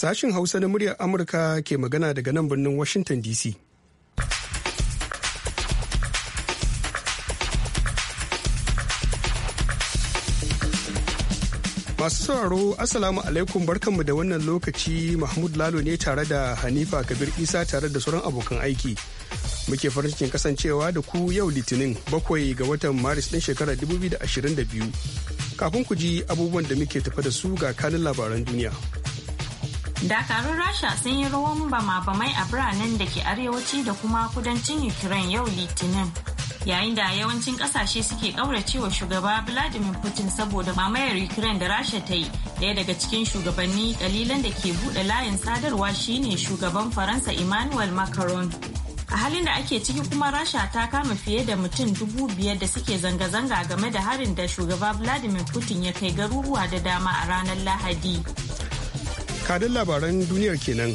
Sashin Hausa na muryar Amurka ke magana daga nan birnin Washington DC. Masu sauraro Assalamu alaikum barkanmu da wannan lokaci Mahmud Lalo ne tare da Hanifa Kabir Isa tare da sauran abokan aiki. Muke farin cikin kasancewa da ku yau Litinin bakwai ga watan Maris ɗin shekarar 2022. Kafin ku ji abubuwan da muke tafa da su ga kanin labaran duniya. dakarun rasha sun yi rawan bama-bamai a biranen da ke arewaci da kuma kudancin ukraine yau litinin yayin da yawancin kasashe suke ƙauracewa shugaba vladimir putin saboda mamayar ukraine da rasha ta yi daya daga cikin shugabanni kalilan da ke buɗe layin sadarwa shine shugaban faransa emmanuel macron a halin da ake ciki kuma rasha ta kama fiye da mutum dubu biyar da suke zanga-zanga game da harin da shugaba vladimir putin ya kai garuruwa da dama a ranar lahadi kadin labaran duniyar kenan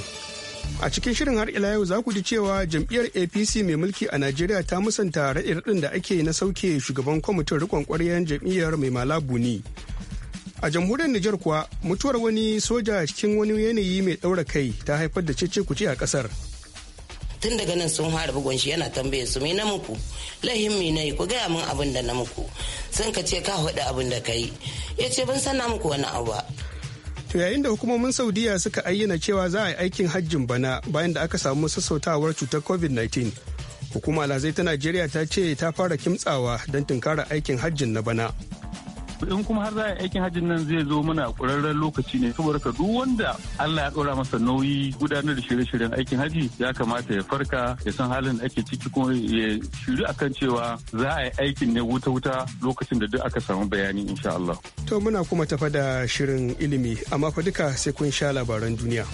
a cikin shirin har ila yau za ku ji cewa jam'iyyar apc mai mulki a najeriya ta musanta raɗin da ake na sauke shugaban kwamitin rikon ƙwaryen jam'iyyar mai malabu ne a jamhuriyar nijar kuwa mutuwar wani soja cikin wani yanayi mai ɗaura kai ta haifar da cece ku a ƙasar tun daga nan sun fara bugun shi yana tambaye su me na muku lahin me nayi ku gaya min abin da na muku sun ka ce ka faɗi abin da ka yi ya ce ban sana muku wani abu ba To yayin da hukumomin Saudiya suka ayyana cewa za a yi aikin hajjin bana bayan da aka samu sassautawar cutar COVID-19. Hukuma lazai ta Najeriya ta ce ta fara kimtsawa don tunkara aikin hajjin na bana. in kuma har za a aikin hajjin nan zai zo mana ƙwararren lokaci ne saboda ka duk wanda Allah ya ɗora masa nauyi gudanar da shirye-shiryen aikin haji ya kamata ya farka ya san halin da ake ciki kuma ya a kan cewa za a yi aikin ne wuta-wuta lokacin da duk aka samu bayani insha Allah. To muna kuma tafa da shirin ilimi amma fa duka sai kun sha labaran duniya.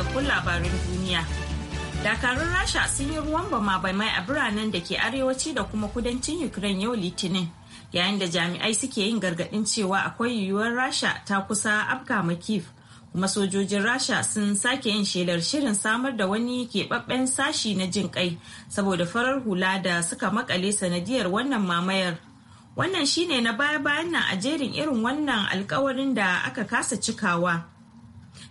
sabbin labarin duniya. Dakarun Rasha sun yi ruwan bama mai a biranen da ke arewaci da kuma kudancin Ukraine yau Litinin. Yayin da jami'ai suke yin gargaɗin cewa akwai yiwuwar Rasha ta kusa afka makif kuma sojojin Rasha sun sake yin shelar shirin samar da wani keɓaɓɓen sashi na jin kai saboda farar hula da suka makale sanadiyar wannan mamayar. Wannan shine na baya-bayan nan a jerin irin wannan alkawarin da aka kasa cikawa.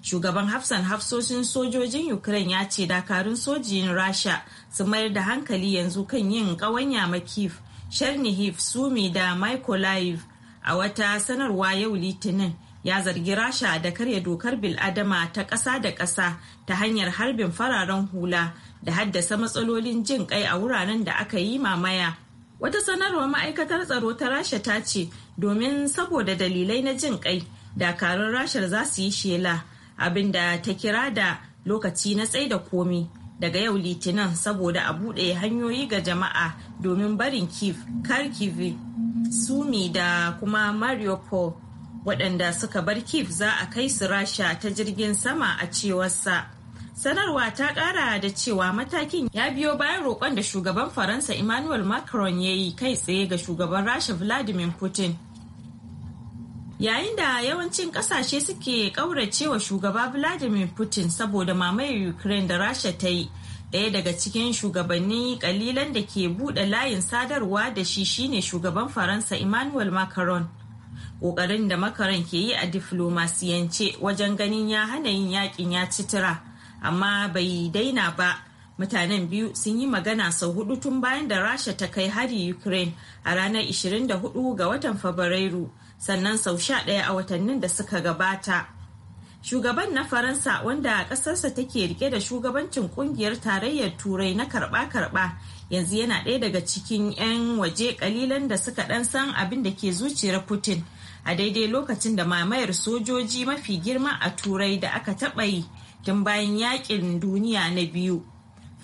shugaban hafsan hafsoshin sojojin ukraine ya ce dakarun sojin rasha su mayar da hankali yanzu kan yin ƙawanya makif chernihiv sumi da mykolaiv a wata sanarwa yau litinin ya zargi rasha da karya dokar biladama ta ƙasa da ƙasa ta hanyar harbin fararen hula da haddasa matsalolin jin kai a wuraren da aka yi mamaya wata sanarwa ma'aikatar tsaro ta rasha ta ce domin saboda dalilai na jin kai dakarun rashar za su yi shela Abin da ta kira da lokaci na da komi daga yau litinin saboda a buɗe hanyoyi ga jama'a domin barin kif karkivi sumi da kuma mariupol waɗanda suka bar kif za a kai su rasha ta jirgin sama a cewarsa sanarwa ta ƙara da cewa matakin ya biyo bayan roƙon da shugaban faransa emmanuel macron ya yi kai tsaye ga shugaban rasha vladimir putin yayin da yawancin kasashe suke kauracewa shugaba vladimir putin saboda mamayar ukraine da rasha ta yi daya daga cikin shugabanni kalilan da ke buɗe layin sadarwa da shi shine shugaban faransa emmanuel macron ƙoƙarin da makaron ke yi a diflomasiyance wajen ganin ya hana yin yakin ya citira amma bai daina ba mutanen biyu sun yi magana sau hudu tun bayan da rasha ta kai hari ukraine a ranar 24 ga watan fabrairu sannan sau sha ɗaya a watannin da suka gabata shugaban na faransa wanda ƙasarsa take rike da shugabancin ƙungiyar tarayyar turai na karɓa-karɓa yanzu yana ɗaya daga cikin 'yan waje ƙalilan da suka ɗan san abin da ke zuciyar putin a daidai lokacin da mamayar sojoji mafi girma a turai da aka taɓa yi tun bayan yaƙin duniya na biyu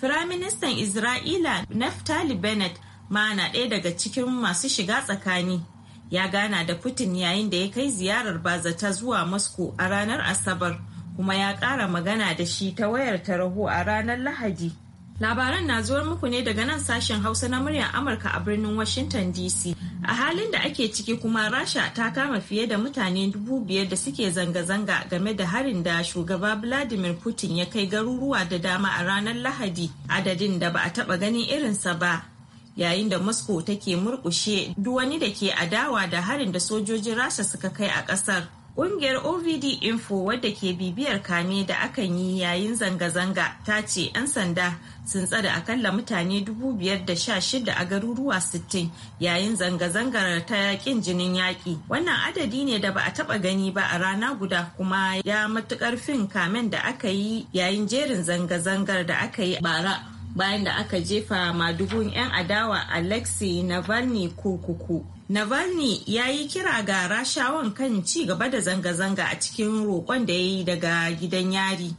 firaministan isra'ila naftali bennett ma na ɗaya daga cikin masu shiga tsakani ya gana da putin yayin da ya kai ziyarar bazata zuwa moscow a ranar asabar kuma ya ƙara magana da shi ta wayar taraho a ranar lahadi labaran na zuwar muku ne daga nan sashen hausa na muryar amurka a birnin washington dc a halin da ake ciki kuma rasha ta kama fiye da mutane dubu biyar da suke zanga-zanga game da harin da shugaba vladimir putin ya kai garuruwa da dama a ranar lahadi adadin da ba a taba ganin irinsa ba yayin da moscow take murkushe duk wani da ke adawa da harin da sojojin rasha suka kai a kasar Ƙungiyar OVD Info wadda ke bibiyar kame da akan yi yayin zanga-zanga ta ce 'yan sanda sun tsada akalla mutane 5,016 a garuruwa 60 yayin zanga-zangar ta yakin jinin yaƙi. Wannan adadi ne da ba a taɓa gani ba a rana guda kuma ya matuƙar fin kamen da aka yi yayin jerin zanga-zangar da aka yi bara. bayan da aka jefa madugun 'yan adawa alexei navalny kurkuku navalny ya yi kira ga rashawan kan ci gaba da zanga-zanga a cikin roƙon da ya yi daga gidan yari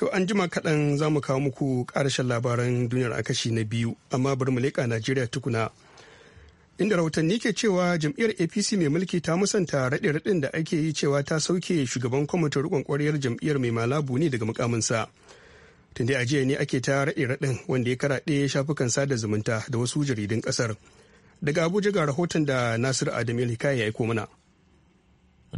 To an jima kaɗan za mu kawo muku ƙarashen labaran duniyar a kashi na biyu, amma bari mu leƙa Najeriya tukuna. inda rahotanni ke cewa jam'iyyar apc mai mulki ta musanta raɗe-raɗin da ake yi cewa ta sauke shugaban kwamitin rikon kwaryar jam'iyyar mai malabu ne daga mukaminsa tunda a jiya ne ake ta raɗe-raɗin wanda ya karaɗe shafukan sada zumunta da wasu jaridun ƙasar daga abuja ga rahoton da nasiru adam hikaya ya aiko mana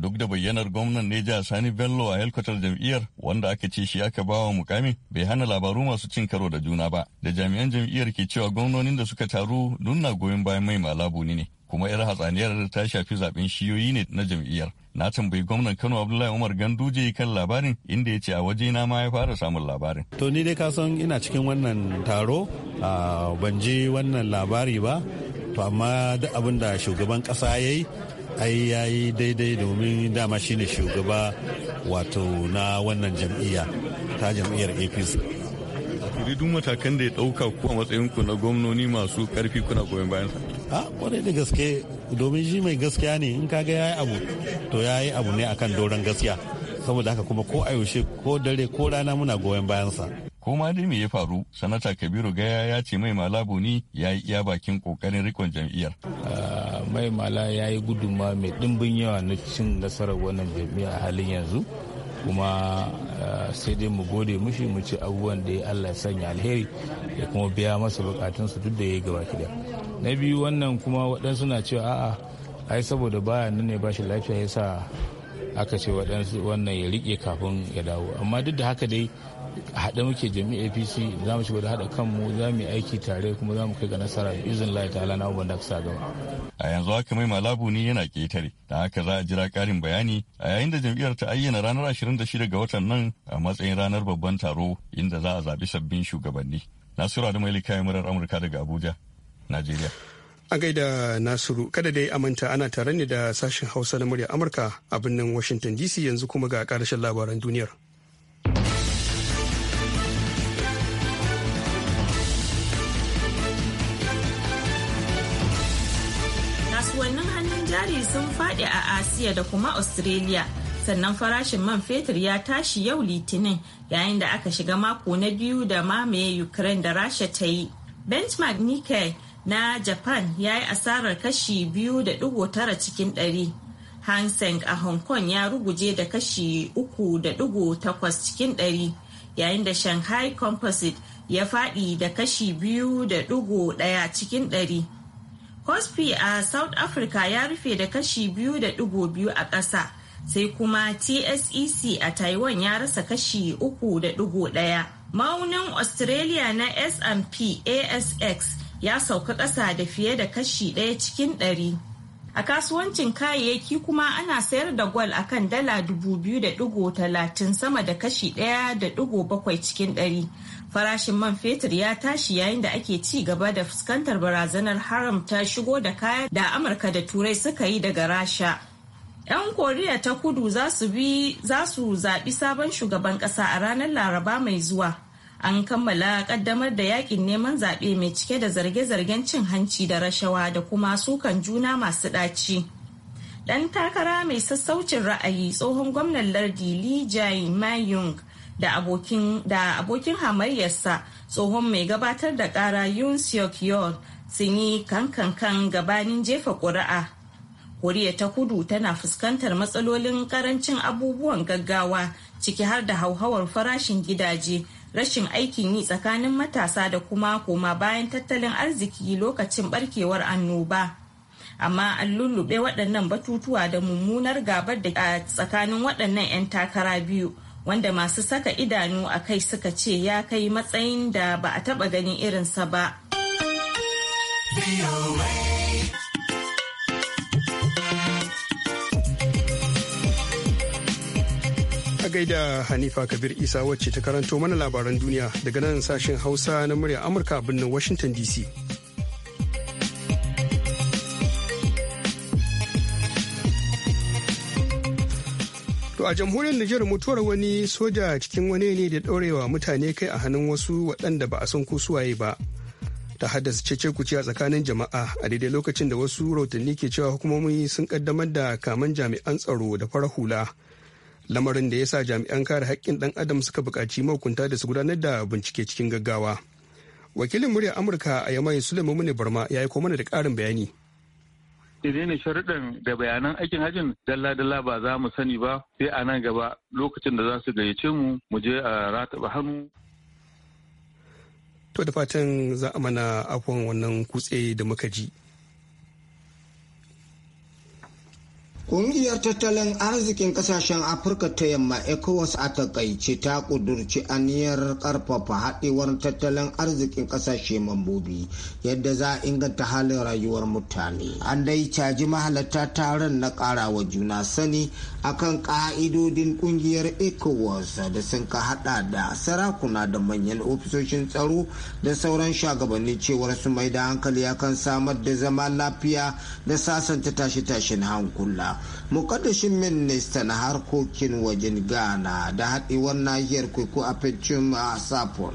duk da bayyanar gwamnan neja sani bello a helkwatar jam'iyyar wanda aka ce shi aka bawa mukamin bai hana labaru masu cin karo da juna ba da jami'an jam'iyyar ke cewa gwamnonin da suka taru nuna goyon bayan mai malabu ne kuma yar hatsaniyar ta shafi zaɓen shiyoyi ne na jam'iyyar na tambayi gwamnan kano abdullahi umar ganduje kan labarin inda ya ce a waje na ma ya fara samun labarin to ni dai ka san ina cikin wannan taro ban je wannan labari ba to amma duk abin da shugaban kasa ya yi ai ya yi daidai domin dama shi ne shugaba wato na wannan jam'iyya ta jam'iyyar apc duk matakan da ya dauka ku a matsayinku na gwamnoni masu karfi kuna goyon bayan a kwarai da gaske domin shi mai gaskiya ne in ga ya yi abu to ya yi abu ne akan doron gaskiya saboda haka kuma ko a yaushe ko dare ko rana muna goyon bayansa ko ma dai me ya faru sanata kabiru gaya ya ce mai mala boni ya yi iya bakin kokarin rikon jam'iyyar ah, mai mala ya yi guduma mai dimbin yawa na cin nasarar wannan jam'iyya a halin yanzu kuma ah, sai dai mu gode mushi mu ci abubuwan da ya allah sanya alheri ya kuma biya masa bukatunsu duk da ya yi gaba kida na biyu wannan kuma waɗansu na cewa a'a ai saboda baya nan ne bashi lafiya ya sa aka ce waɗansu wannan ya riƙe kafin ya dawo amma duk da haka dai haɗe muke jami'a apc za mu shigo da haɗa kanmu za mu yi aiki tare kuma za mu kai ga nasara izin lai ta'ala na abubuwan da sa gaba a yanzu haka mai malabu ne yana ƙetare da haka za a jira ƙarin bayani a yayin da jam'iyyar ta ayyana ranar 26 ga watan nan a matsayin ranar babban taro inda za a zaɓi sabbin shugabanni nasiru adamu kayan murar amurka daga abuja najeriya a gaida nasiru kada dai amanta ana tare ne da sashen hausa na murya amurka a birnin washington dc yanzu kuma ga ƙarshen labaran duniyar jari sun faɗi a asiya da kuma australia sannan farashin man fetur ya tashi yau litinin yayin da aka shiga mako na biyu da mamaye ukraine da rasha ta yi benchmark nike na japan ya yi asarar kashi biyu da digo tara cikin ɗari hang a hong kong ya ruguje da kashi uku da digo takwas cikin ɗari yayin da shanghai composite ya faɗi da kashi biyu da digo ɗaya cikin ɗari Hospi a South Africa ya rufe da kashi biyu da digo biyu a ƙasa, sai kuma TSEC a Taiwan ya rasa kashi uku da digo ɗaya. Maunin Australia na S&P ASX ya sauka ƙasa da fiye da kashi ɗaya cikin ɗari. A kasuwancin kayayyaki kuma ana sayar da gwal a kan dala talatin sama da kashi ɗaya da bakwai cikin ɗari. Farashin man fetur ya tashi yayin da ake ci gaba da fuskantar barazanar ta shigo da kaya da Amurka da Turai suka yi daga Rasha. 'Yan Koriya ta kudu za su zaɓi sabon shugaban ƙasa a ranar Laraba mai zuwa. an kammala kaddamar da yakin neman zaɓe mai cike da zarge-zargen cin hanci da rashawa da kuma sukan juna masu ɗaci. Ɗan takara mai sassaucin ra'ayi tsohon gwamnan lardi Lee Mayung da abokin abokin hamayyarsa tsohon mai gabatar da ƙara Yoon Seok yor sun yi kankan gabanin jefa ƙuri'a koriya ta kudu tana fuskantar matsalolin ƙarancin abubuwan gaggawa ciki har da hauhawar farashin gidaje rashin aikin yi tsakanin matasa da kuma koma bayan tattalin arziki lokacin barkewar annoba amma an lullube waɗannan batutuwa da mummunar gabar da a tsakanin waɗannan 'yan takara biyu wanda masu saka idanu a kai suka ce ya kai matsayin da ba a taɓa ganin irinsa ba. gaida Hanifa Kabir Isa wacce ta karanto mana labaran duniya daga nan sashen Hausa na murya Amurka birnin Washington DC. To a jamhuriyar Nijar mutuwar wani soja cikin wani ne da ɗorewa mutane kai a hannun wasu waɗanda ba a san ko suwaye ba. Ta haddasa cece kuce a tsakanin jama'a a daidai lokacin da wasu rautanni ke cewa hukumomi sun ƙaddamar da kaman jami'an tsaro da fara hula lamarin da ya sa jami'an kare haƙƙin ɗan adam suka buƙaci mahukunta da su gudanar da bincike cikin gaggawa wakilin muryar amurka a yamai suleiman mune barma ya aiko mana da ƙarin bayani ne sharuɗan da bayanan aikin hajjin dalla-dalla ba za mu sani ba sai a nan gaba lokacin da za su gayyace mu mu je a rataba hannu to da fatan za a mana afon wannan kutse da muka ji Ƙungiyar tattalin arzikin ƙasashen Afirka ta yamma ECOWAS a takaice ta ƙudurci aniyar ƙarfafa haɗewar tattalin arzikin ƙasashe mambobi yadda za a inganta halin rayuwar mutane. An dai caji mahalarta taron na wa juna sani akan ƙa'idodin ƙungiyar ECOWAS da sun ka haɗa da sarakuna da manyan ofisoshin tsaro da sauran shugabanni cewar su mai da hankali akan samar da zama lafiya da sasanta tashe-tashen hankula. mukaddashin ministan harkokin wajen ghana da haɗewar nahiyar kwaiko a fincin sapon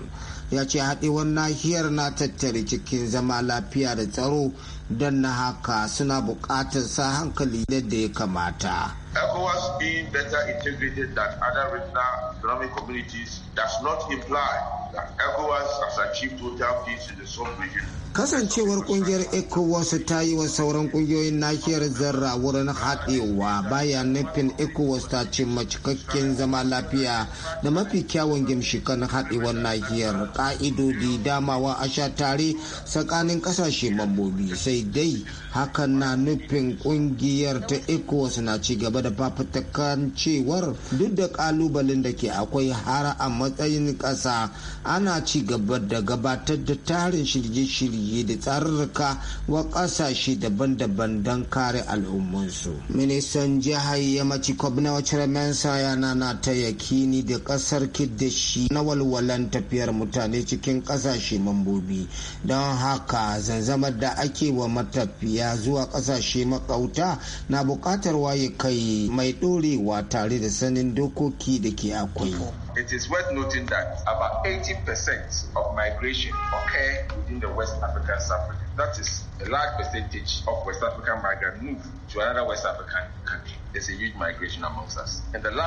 ya ce haɗewar nahiyar na tattare cikin zama lafiya da tsaro don na haka suna buƙatar sa hankali yadda ya kamata ECOWAS being better integrated than other regional economic communities does not imply that ECOWAS has achieved total peace in the sub-region. Kasancewar kungiyar ECOWAS ta yi wa sauran kungiyoyin nahiyar zarra wurin haɗewa baya nufin ECOWAS ta cimma cikakken zama lafiya da mafi kyawun gimshikan haɗewar nahiyar ƙa'idodi damawa a sha tare tsakanin ƙasashe mambobi sai dai hakan na nufin kungiyar ta ecowas na ci gaba da fafatakan cewar duk da kalubalen da ke akwai har a matsayin ƙasa ana ci gaba da gabatar da tarin shirye-shirye da tsarurruka wa ƙasashe daban-daban don kare al'ummansu ministan jihar yammaci kwabna wacce mensa yana na ta yakini da ƙasar kiddashi na walwalan tafiyar mutane cikin ƙasashe mambobi don haka zanzamar da ake wa matafiya kaya zuwa kasashe makauta na bukatar waye kai mai dorewa tare da sanin dokoki da ke akwai. It is worth noting that about 80% of migration occur within the West African sub-region. That is a large percentage of West African migrants move to another West African country.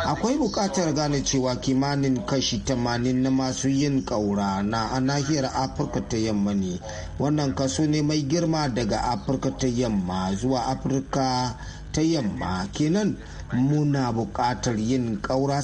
Akwai bukatar gane cewa kimanin kashi 80 na masu yin ƙaura na a nahiyar Afirka ta yamma ne. Wannan kaso ne mai girma daga Afirka ta yamma zuwa Afirka ta yamma kenan muna bukatar yin ƙaura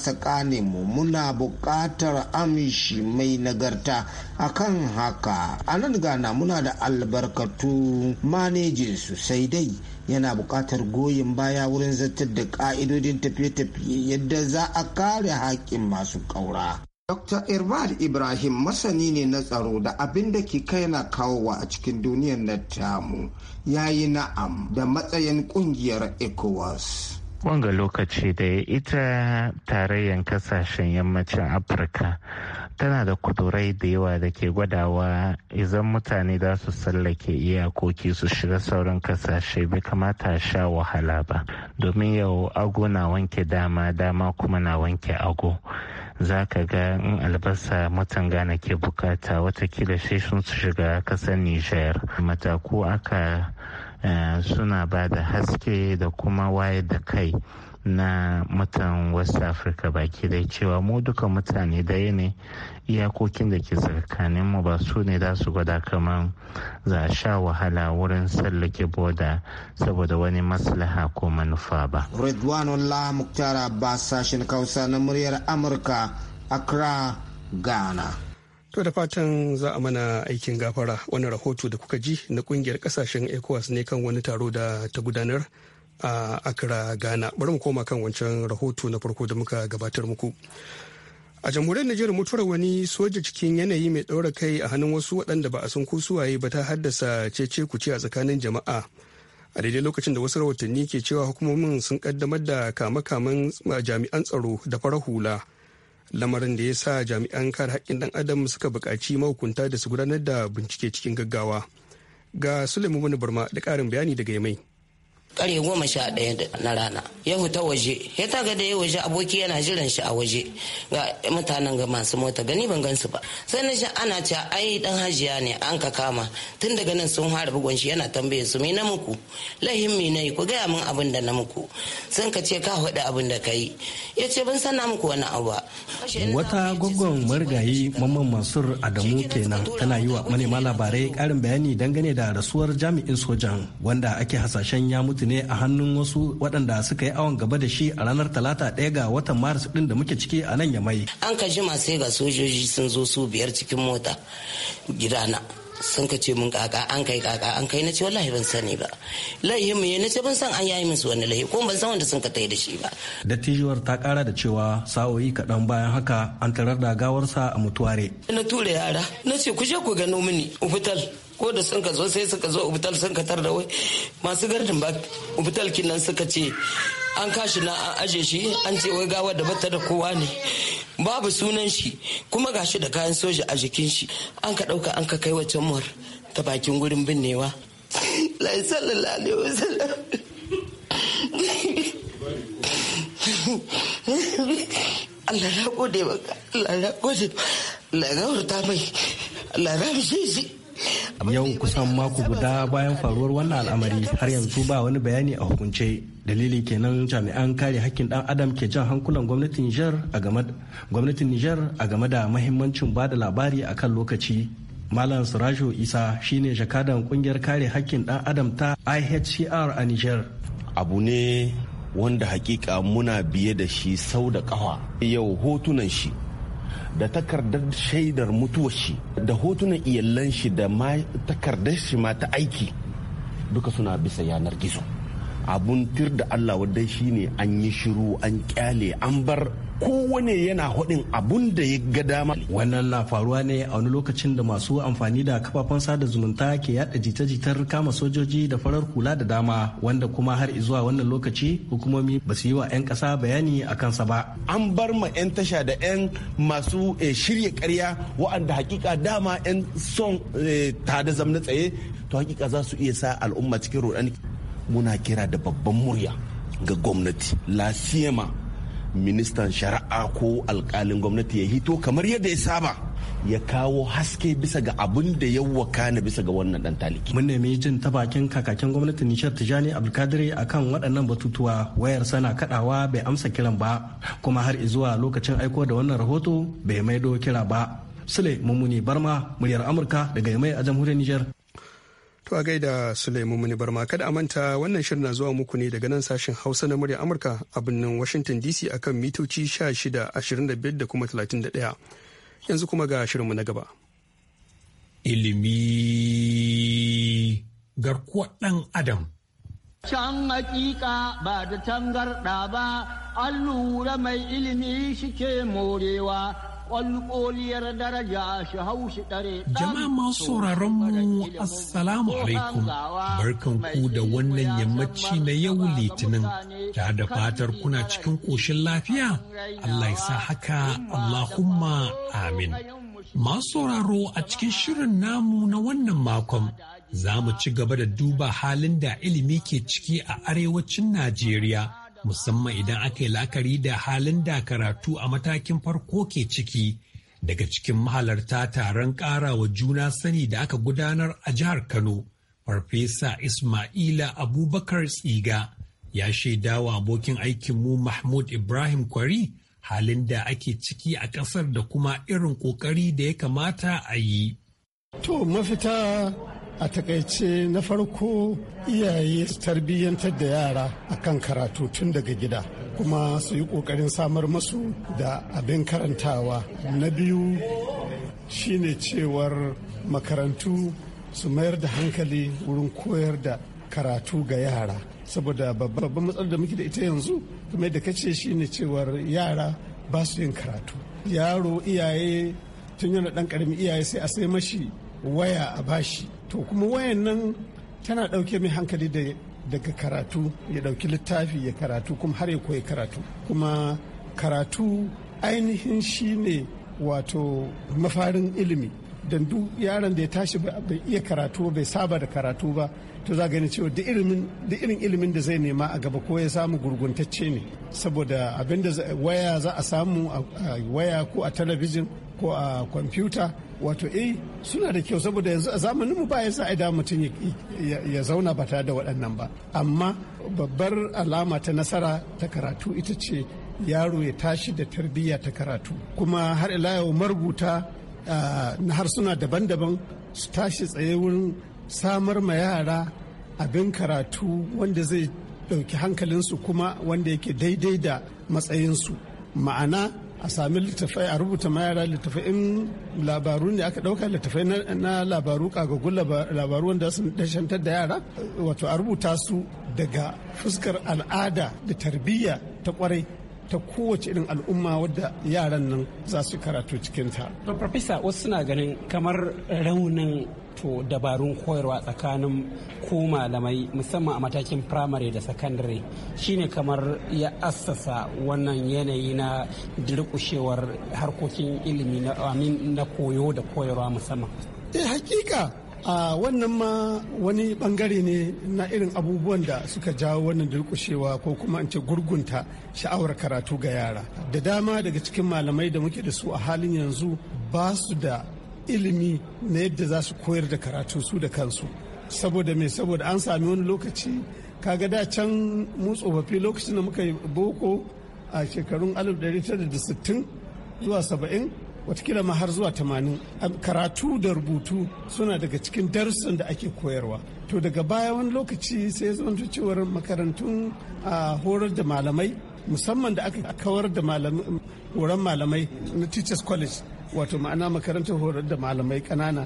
mu muna bukatar amshi mai nagarta akan haka anan gana muna da albarkatu manejin su sai dai yana buƙatar goyin baya wurin zartar da ƙa'idodin tafiye-tafiye yadda za a kare haƙƙin masu ƙaura. Dr. Irvad Ibrahim masani ne na tsaro da abin da ke kai na kawowa a cikin duniyar na tamu ya yi na'am da matsayin ƙungiyar ECOWAS. Wanga lokaci da ita tarayyar kasashen yammacin Afirka tana da kudurai da yawa da ke gwadawa idan mutane za su tsallake iyakoki su shiga sauran kasashe bai kamata a sha wahala ba domin yau ago na wanke dama dama kuma na wanke ago za ka ga in albasa mutan gana ke bukata watakila sai sun shiga kasar niger mataku aka eh, suna ba da haske da kuma wayar da kai na mutan west africa baki dai cewa mu duka mutane daya ne iyakokin da ke tsakanin mu ba su ne za su gwada kamar za a sha wahala wurin tsallake boda saboda wani maslaha ko manufa ba ridwanullah muktara ba sashen kausa na muryar amurka accra ghana To da fatan za a mana aikin gafara wani rahoto da kuka ji na kungiyar kasashen ECOWAS ne kan wani taro da ta gudanar a Accra Ghana bari mu koma kan wancan rahoto na farko da muka gabatar muku a jamhuriyar Najeriya mutuwar wani soja cikin yanayi mai ɗaura kai a hannun wasu waɗanda ba a san ko suwaye ba ta haddasa cece kuce a tsakanin jama'a a daidai lokacin da wasu rahotanni ke cewa hukumomin sun kaddamar da kame kaman jami'an tsaro da fara hula lamarin da ya sa jami'an kare haƙƙin ɗan adam suka buƙaci mahukunta da su gudanar da bincike cikin gaggawa ga suleiman barma da ƙarin bayani daga yamai kare goma sha daya na rana ya fita waje ya ta ga da ya waje aboki yana jiran shi a waje ga mutanen ga masu mota gani ban gansu ba sai na sha ana ce ai dan hajiya ne an ka kama tun daga nan sun fara bugun shi yana tambaye su me na muku lahin me nayi ku gaya mun abin da na muku sun ka ce ka faɗi abin da ka yi ya ce ban sana muku wani abu wata gwaggon marigayi mamman masur adamu kenan tana yi wa manema labarai karin bayani dangane da rasuwar jami'in sojan wanda ake hasashen ya mutu ne a hannun wasu waɗanda suka yi awon gaba da shi a ranar talata ɗaya ga watan maris ɗin da muke ciki a nan yamai an ka jima sai ga sojoji sun zo su biyar cikin mota gidana sun ka ce mun kaka an kai kaka an kai na ce wallahi ban sani ba laihi mu na ce ban san an yayi musu wani laihi ko ban san wanda sun ka tai da shi ba dattijuwar ta kara da cewa sa'o'i kaɗan bayan haka an tarar da gawarsa a mutuware na tura yara na ce ku je ku gano mini ufital ko da sun ka zo sai suka zo ubital sun ka tar da wai masu gardin ba ubital kinan suka ce an kashi na an aje shi an ce wai gawa da bata da kowa ne babu sunan shi kuma gashi da kayan soja a jikin shi an ka dauka an ka kai wacce mur ta bakin gurin binnewa lai sallallahu alaihi wasallam Allah na gode maka Allah na gode Allah ya gaurta mai Allah na bishe shi yau kusan mako guda bayan faruwar wannan al'amari har yanzu ba wani bayani a hukunce dalili kenan jami'an kare hakkin dan adam ke jan hankulan gwamnatin niger a game gwamnatin niger a da mahimmancin ba da labari a kan lokaci malam surajo isa shine jakadan kungiyar kare hakkin dan adam ta ihcr a niger abu ne wanda hakika muna biye da shi sau da kawa yau hotunan shi da takardar shaidar mutuwar shi da hotunan iyalan shi da takardar shi ma ta aiki duka suna bisa yanar gizo abun tir da allah wadda shine an yi shiru an kyale an bar kowane yana hudin abun da ya ga dama. Wannan na faruwa ne a wani lokacin da masu amfani da kafafen sada zumunta ke yada jita-jitar kama sojoji da farar kula da dama wanda kuma har zuwa wannan lokaci hukumomi ba su yi wa 'yan kasa bayani a kansa ba. An bar ma 'yan tasha da 'yan masu eh, shirya karya wa'anda hakika dama 'yan son eh, tada zamna tsaye to hakika za su iya sa al'umma cikin rudani. muna kira da babban murya ga gwamnati lasiyama ministan shari'a ko alkalin gwamnati ya hito kamar yadda ya saba ya kawo haske bisa ga abin da ya wakana bisa ga wannan dan taliki. Mun nemi jin ta bakin kakakin gwamnati Nishar Tijani Abdulkadir kan waɗannan batutuwa wayar sana kadawa bai amsa kiran ba kuma har zuwa lokacin aiko da wannan rahoto bai maido kira ba. Sule Mummuni Barma muryar Amurka daga Yamai a jamhuriyar Nijar. To a gaida Sulaimu Muni Barma kada a manta wannan shirin na zuwa muku ne daga nan sashen Hausa na muryar Amurka a birnin Washington DC akan mitoci 16, 25 da kuma 31. Yanzu kuma ga shirinmu na gaba. Ilimi garkuwa ɗan Adam. Can hakika ba da tangarɗa ba, an lura mai ilimi shike morewa Jama'a masu sauraron mu Assalamu alaikum barkan ku da wannan yammaci na yau litinin ta da fatar kuna cikin ƙoshin lafiya Allah ya sa haka Allahumma amin. Masu sauraro a cikin shirin namu na wannan makon za mu ci gaba da duba halin da ilimi ke ciki a arewacin Najeriya. musamman idan aka yi la'akari da halin da karatu a matakin farko ke ciki daga cikin mahalarta taron ƙarawa juna sani da aka gudanar a jihar Kano. Farfesa Ismaila Abubakar Tsiga ya shaidawa abokin aikinmu Mahmud Ibrahim Kwari halin da ake ciki a ƙasar da kuma irin ƙoƙari da ya kamata a yi. To mafita a takaice na farko iyaye su tarbiyyantar da yara a kan karatu tun daga gida kuma su yi ƙoƙarin samar masu da abin karantawa na biyu shine cewar makarantu su mayar da hankali wurin koyar da karatu ga yara saboda babban matsalar da muke da ita yanzu kuma da kace shine cewar yara ba su yin karatu yaro iyaye tun yana dan karami iyaye sai a sai mashi waya a bashi to kuma wayan nan tana ɗauke mai hankali daga karatu ya ɗauki littafi ya karatu kuma har ya koyi karatu kuma karatu ainihin shi ne wato mafarin ilimi don duk yaron da ya tashi bai iya karatu bai saba da karatu ba to za gani cewa da irin ilimin da zai nema a gaba ko ya samu gurguntacce ne saboda abinda waya za a samu a waya ko a talabijin ko a kwamfuta wato eh suna da kyau saboda yanzu a zamanin mu ba ya sa da mutum ya zauna ba tare da waɗannan ba amma babbar alama ta nasara ta karatu ita ce yaro ya tashi da tarbiyya ta karatu kuma har ila yau marubuta ah, na harsuna daban-daban su tashi tsaye wurin samar ma yara abin karatu wanda zai ɗauki hankalinsu kuma wanda yake daidai da matsayinsu ma'ana a sami littafai a rubuta ma yara littafai in labaru ne aka ɗauka littafai na labaru kagagun labaru wanda sun dashantar da yara wato a rubuta su daga fuskar al'ada da tarbiyya ta kwarai ta kowace irin al'umma wadda yaran nan za su karatu cikinta. ta wasu suna ganin kamar raunin to dabarun koyarwa tsakanin ko malamai musamman a matakin firamare da sakandare shine kamar ya assasa wannan yanayi na dirkushewar harkokin ilimi na koyo da koyarwa musamman. Eh hakika a wannan ma wani bangare ne na irin abubuwan da suka jawo wannan durkushewa ko kuma an ce gurgunta sha'awar karatu ga yara da dama daga cikin malamai da muke da su a halin yanzu ba su da ilimi na yadda za su koyar da karatu su da kansu saboda me saboda an sami wani lokaci kaga da can mu tsofaffi lokacin da muka yi boko a shekarun 1960 zuwa 70 watakila ma har zuwa tamanin karatu da rubutu suna daga cikin darussan da ake koyarwa to daga baya wani lokaci sai zonto cewar makarantun a horar da malamai musamman da aka kawar da horon malamai na teachers college wato ma'ana makarantar horar da malamai kanana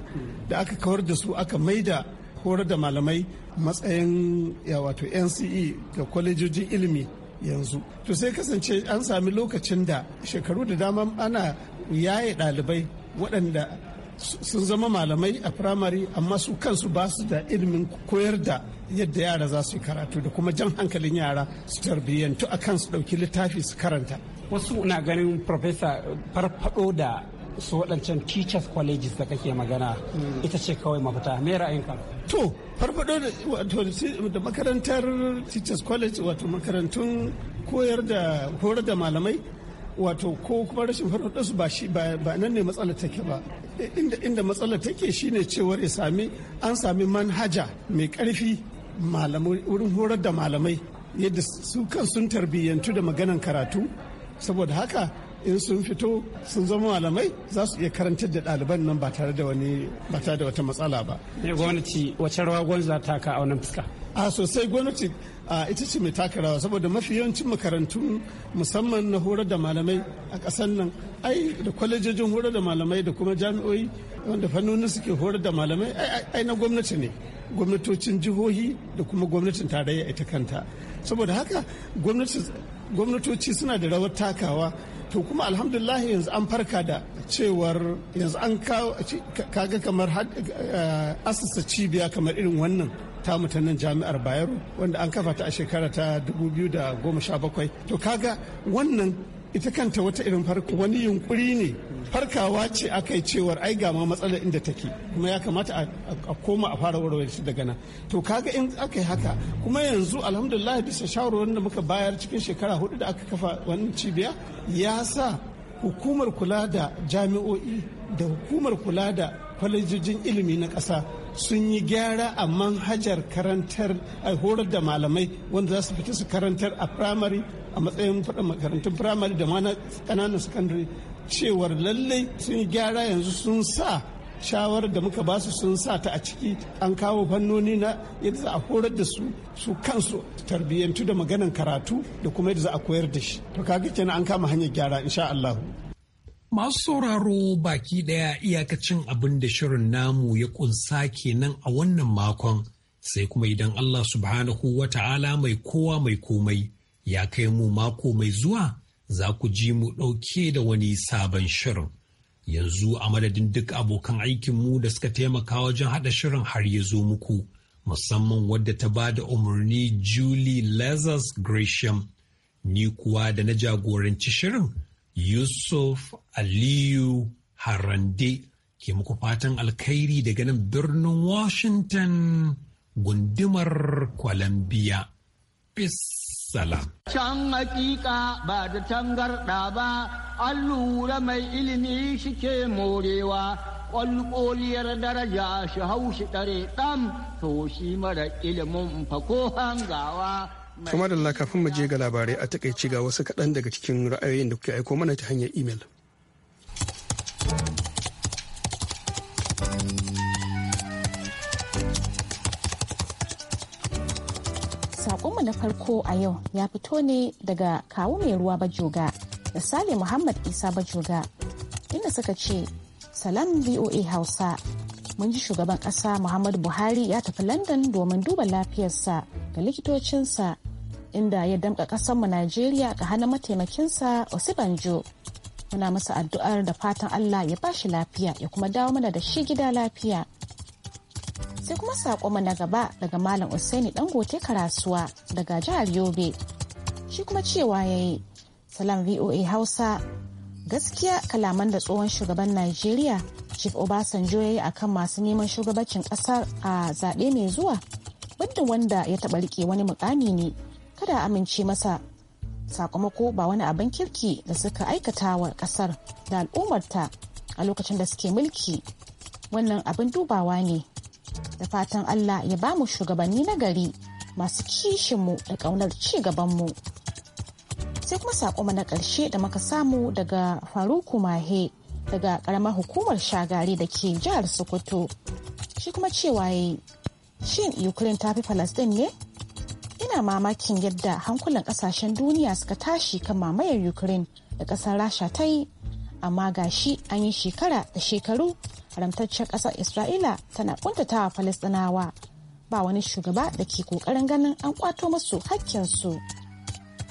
da aka kawar da su aka maida horar da malamai matsayin wato nce da kwalejojin ilimi yanzu to sai kasance an sami lokacin da shekaru da dama ana yaye ɗalibai waɗanda sun zama malamai a firamare amma su kansu ba su da ilimin koyar da yadda yara za su yi karatu da kuma jan hankalin yara su tarbiyyantu a kan su ɗauki littafi su karanta wasu na ganin farfesa farfado da su waɗancan teachers colleges da kake magana hmm. ita ce kawai mafita me ra'ayinka to farfado da makarantar teachers college wato makarantun koyar da horar da malamai wato ko kuma rashin farfaɗo su ba shi ba nan ne matsalar take ba inda inda matsalar take shine cewar ya sami an sami manhaja mai karfi malamai wurin horar da malamai yadda su kan sun tarbiyyantu da maganan karatu saboda haka in sun fito sun zama malamai za su iya karantar da ɗaliban nan ba tare da wani ba tare da wata matsala ba. Ne gwamnati wace rawa gwamnati za ta ka a wannan fuska? A sosai gwamnati ita ce mai taka rawa saboda mafi yawancin makarantun musamman na horar da malamai a ƙasar nan ai da kwalejojin horar da malamai da kuma jami'oi wanda fannoni suke horar da malamai ai na gwamnati ne gwamnatocin jihohi da kuma gwamnatin tarayya ita kanta saboda haka gwamnatoci suna da rawar takawa to kuma alhamdulillah yanzu an farka da cewar yanzu an kaga kamar eh, asasa cibiya kamar irin wannan ta mutanen jami'ar bayero wanda an kafa ta a shekara ta 2017 to kaga wannan ita kanta wata irin farko wani yunkuri ne farkawa ce aka yi cewar ai gama ma inda take kuma ya kamata a koma a fara warware shi daga nan to kaga in aka yi haka kuma yanzu alhamdulillah bisa shawarwarin da muka bayar cikin shekara hudu da aka kafa wani cibiya ya sa hukumar kula da jami'o'i da hukumar kula da kwalejojin ilimi na ƙasa sun yi gyara a manhajar karantar a horar da malamai wanda za su fita su karantar a firamare a matsayin fada makarantun firamare da mana kananan sakandare cewar lallai sun yi gyara yanzu sun sa shawarar da muka basu sun sa ta a ciki an kawo fannoni na yadda za a horar da su su kansu tarbiyyantu da maganan karatu da kuma yadda za a koyar da shi to kaga kenan an kama hanyar gyara insha Allah Masu sauraro baki ɗaya iyakacin abin da shirin namu ya ƙunsa kenan a wannan makon sai kuma idan Allah subhanahu wa ta'ala mai kowa mai komai ya kai mu mako mai zuwa za ku ji mu ɗauke da wani sabon shirin. Yanzu a madadin duk abokan aikinmu da suka taimaka wajen haɗa shirin har ya zo muku musamman wadda ta ba da umarni Julie Lazarus Gresham ni kuwa da na jagoranci shirin. Yusuf Aliyu Harande ke muku fatan alkhairi daga nan birnin Washington gundumar Columbia. Can hakika ba da tangarda ba, an lura mai ilimi ke morewa, ƙwalƙoliyar daraja shi haushi ɗare ɗan, to shi mara ilimin fa ko hangawa. kuma da kafin mu je ga labarai a takaici ga wasu kaɗan daga cikin ra'ayoyin da kuke aiko mana ta hanyar imel. Saƙonmu na farko a yau ya fito ne daga kawo mai ruwa bajoga da Sale Muhammad Isa bajoga inda suka ce salam VOA Hausa mun ji shugaban ƙasa Muhammadu Buhari ya tafi London domin duba lafiyarsa ga likitocinsa inda ya damƙa mu Najeriya ga hannun mataimakinsa Osibanjo. Muna masa addu'ar da fatan Allah ya bashi lafiya ya kuma dawo mana da shi gida lafiya. Sai kuma saƙo na gaba daga Malam Usaini gote Karasuwa daga jihar Yobe. Shi kuma cewa ya yi, Salam VOA Hausa, gaskiya kalaman da tsohon shugaban Najeriya Chief Obasanjo ya yi akan masu neman shugabancin ƙasar a zaɓe mai zuwa wanda ya taɓa riƙe wani mukami ne kada a amince masa sakamako ba wani abin kirki da suka aikata wa kasar da al'ummarta a lokacin da suke mulki wannan abin dubawa ne da fatan allah ya ba mu shugabanni na gari masu kishinmu da ƙaunar ci gabanmu sai kuma sakoma na ƙarshe da muka samu daga faruku mahe daga ƙaramar hukumar shagari da ke jihar sokoto shi kuma cewa shin ukraine ta fi palestine ne yana mamakin yadda hankulan kasashen duniya suka tashi kan mamayar ukraine da kasar rasha ta yi amma ga shi an yi shekara da shekaru haramtaccen kasar isra'ila tana kuntatawa falastinawa ba wani shugaba da ke kokarin ganin an kwato masu hakkinsu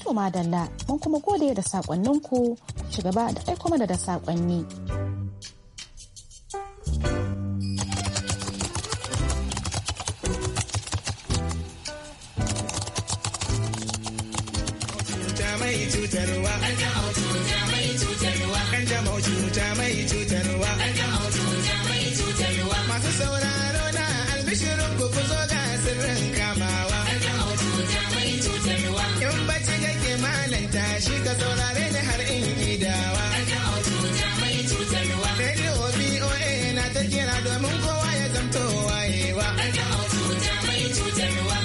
to madalla mun kuma gode da sakonninku shugaba da aiko mana da sakonni sirrin kamawa. In bacci kake malanta shi ka saurare ni har in gidawa. Radio BOA na ta kira domin kowa ya zamto wayewa.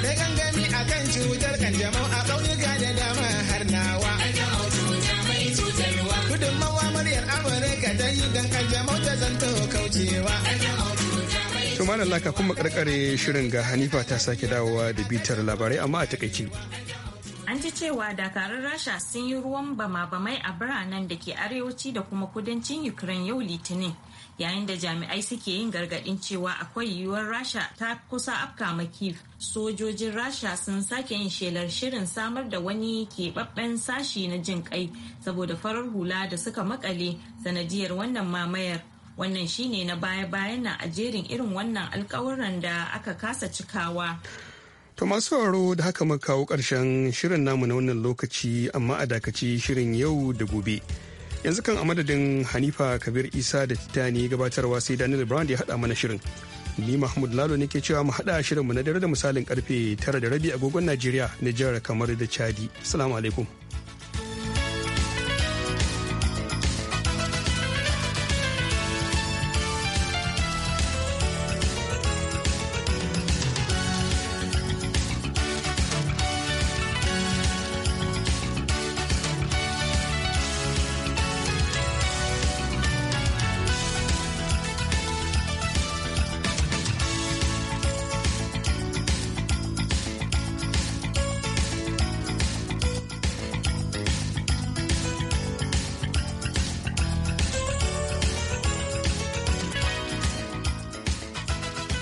Da gangami kan cutar kanjamau a ƙauyuka da dama har nawa. Gudunmawa muryar Amurka ta yi don kanjamau ta zanto kaucewa. Tumar laka kafin karkare shirin ga Hanifa ta sake dawowa da bitar labarai amma a takaice. An ji cewa dakarun Rasha sun yi ruwan bama-bamai a biranen da ke arewaci da kuma kudancin Ukraine yau Litinin. yayin da jami'ai suke yin gargaɗin cewa akwai yiwuwar rasha ta kusa afka makif sojojin rasha sun sake yin shelar shirin samar da wani keɓaɓɓen sashi na jin kai saboda farar hula da suka makale sanadiyar wannan mamayar wannan shine na baya-bayan na a jerin irin wannan alkawuran da aka kasa cikawa To masu sauraro da haka muka kawo ƙarshen shirin namu na wannan lokaci amma a dakaci shirin yau da gobe. yanzu kan a madadin hanifa kabir isa da titani gabatarwa sai daniel brown ya haɗa mana shirin ni mahmud lalo ne ke cewa mu haɗa shirinmu na dare da misalin karfe tara da rabi agogon najeriya na jihar kamar da chadi salamu alaikum